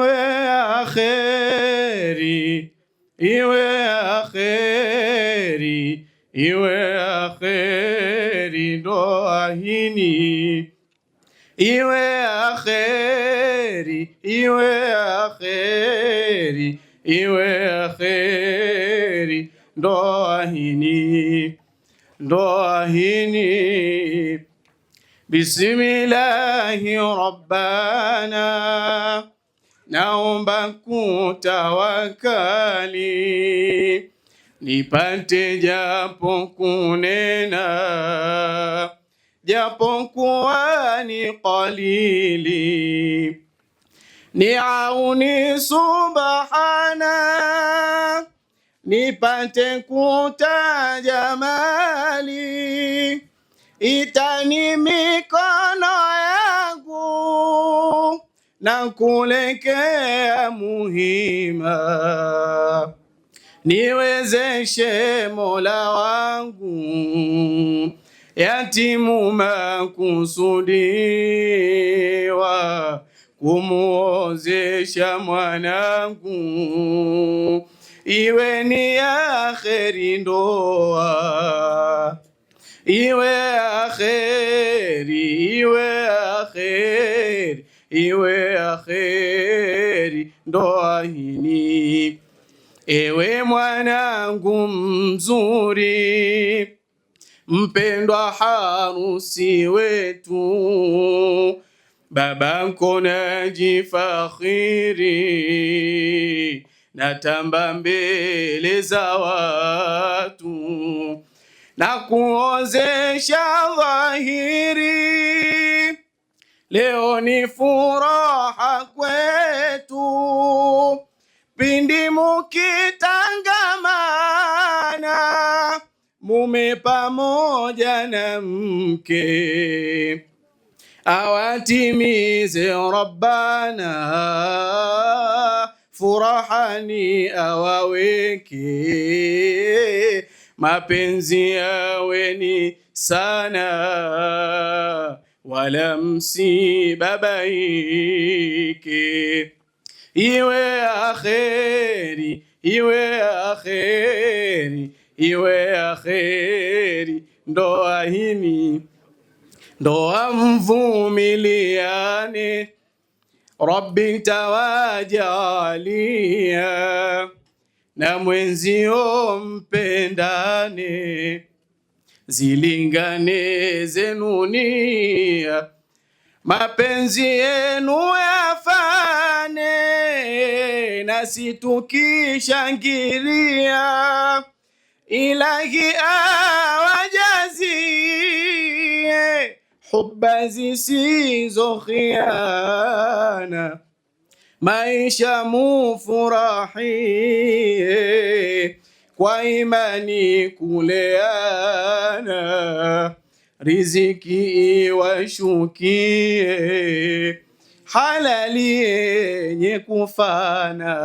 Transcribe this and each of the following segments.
يا خيري ايوه يا خيري ايوه يا خيري إيوة دعيني ايوه يا خيري ايوه يا خيري ايوه خيري دعيني دعيني بسم الله ربنا naomba kutawakali nipate japo kunena japo kuwa ni qalili ni auni subhana nipate kutaja mali itani mikono ya na kulekea Muhima. Niwezeshe Mola wangu yatimu makusudiwa kumuozesha mwanangu, iwe ni akheri ndoa, iwe akheri, iwe akheri iwe akheri ndoa hini. Ewe mwanangu mzuri, mpendwa harusi wetu, babako najifakhiri, natamba mbele za watu, nakuozesha dhahiri Leo ni furaha kwetu pindi mukitangamana, mume pamoja na mke, awatimize Rabbana, furahani awaweke, mapenzi yaweni sana wala msibabaike, iwe akheri, iwe akheri, iwe akheri ndoa hini, ndoa mvumiliane. Rabbi tawajalia, na mwenzio mpendane zilingane zenu nia, mapenzi yenu yafane, nasi tukishangilia. Ilahi awajazie huba zisizo khiana, maisha mufurahie وايماني كليانا riziki washukie, halali yenye kufana,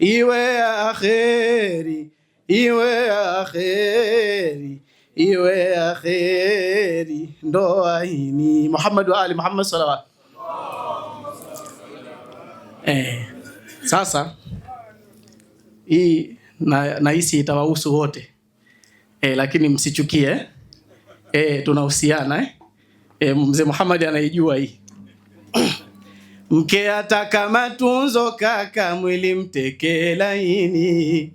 iwe akheri, iwe akheri, iwe akheri ndoa hini. Muhammad wa ali Muhammad salawat. Eh, sasa hii na nahisi itawahusu wote e, lakini msichukie e, tunahusiana eh? E, mzee Muhammad anaijua hii mke ataka matunzo kaka, mwili mteke laini,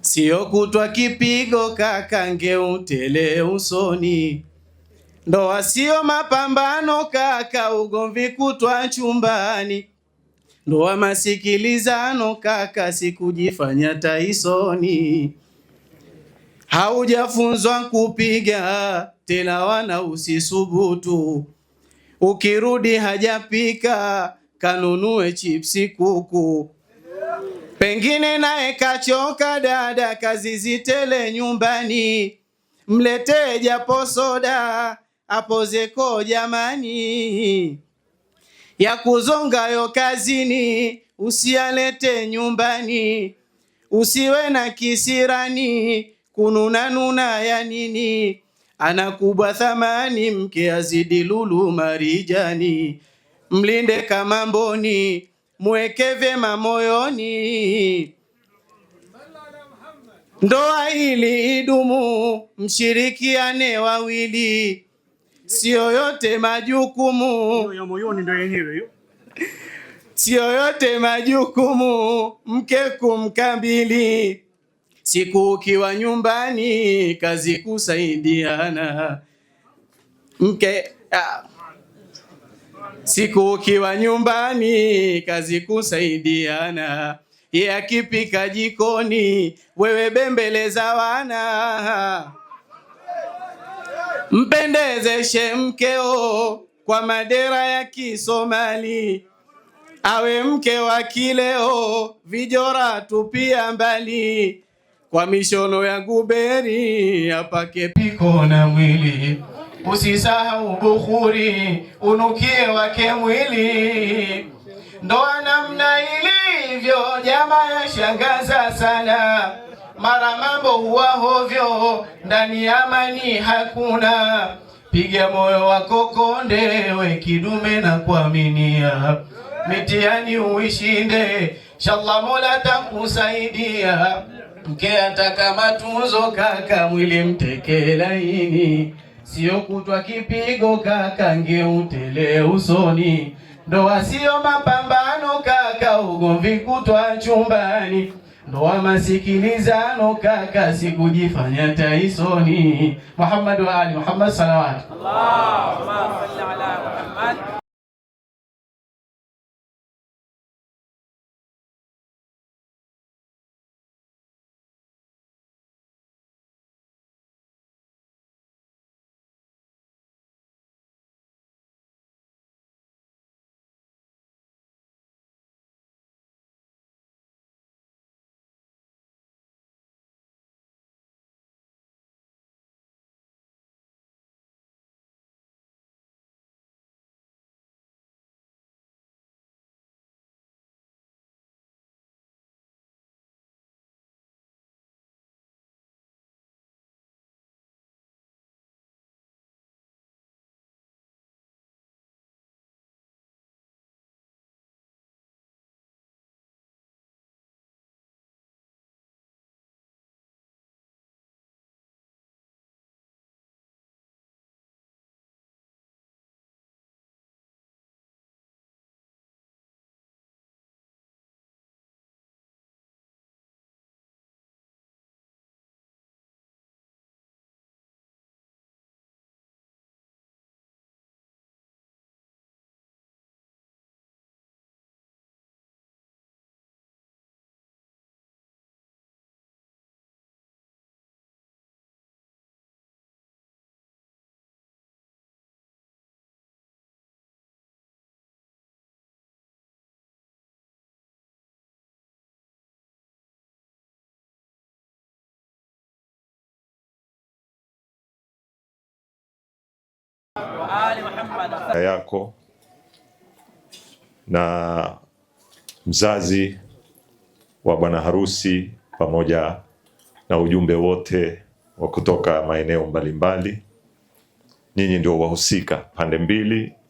sio kutwa kipigo kaka, ngeutele usoni. Ndoa sio mapambano kaka, ugomvi kutwa chumbani ndoa masikilizano kaka, sikujifanya Taisoni, haujafunzwa kupiga tena, wana usisubutu, ukirudi hajapika kanunue chipsi kuku, pengine naye kachoka dada, kazi zitele nyumbani, mletee japo soda apoze ko jamani ya kuzongayo kazini, usialete nyumbani, usiwe na kisirani, kununa nuna ya nini? Anakubwa thamani mke azidi lulu marijani, mlinde kama mboni, mweke vyema moyoni ndoa ili idumu, mshirikiane wawili sio yote majukumu ya moyoni ndio yenyewe sio yote majukumu mke kumkabili, siku ukiwa nyumbani kazi kusaidiana mke ah. Siku ukiwa nyumbani kazi kusaidiana, ye akipika jikoni, wewe bembeleza wana Mpendezeshe mkeo kwa madera ya Kisomali, awe mke wa kileo, vijora tupia mbali. Kwa mishono ya guberi apake piko na mwili, usisahau bukhuri, unukie wake mwili. Ndoa namna ilivyo, jamaa yashangaza sana mara mambo huwa hovyo, ndani ya amani hakuna. Piga moyo wako konde, we kidume na kuaminia, mitihani uishinde, inshallah Mola takusaidia. Mke ataka matunzo kaka, mwili mteke laini, sio kutwa kipigo kaka, ngeutele usoni, ndoa sio mapambano kaka, ugomvi kutwa chumbani ndoa masikilizano kaka, sikujifanya taisoni. Muhammad wa ali Muhammad, salawatu Allahumma salli ala Muhammad. yako na mzazi wa bwana harusi pamoja na ujumbe wote wa kutoka maeneo mbalimbali. Nyinyi ndio wahusika pande mbili.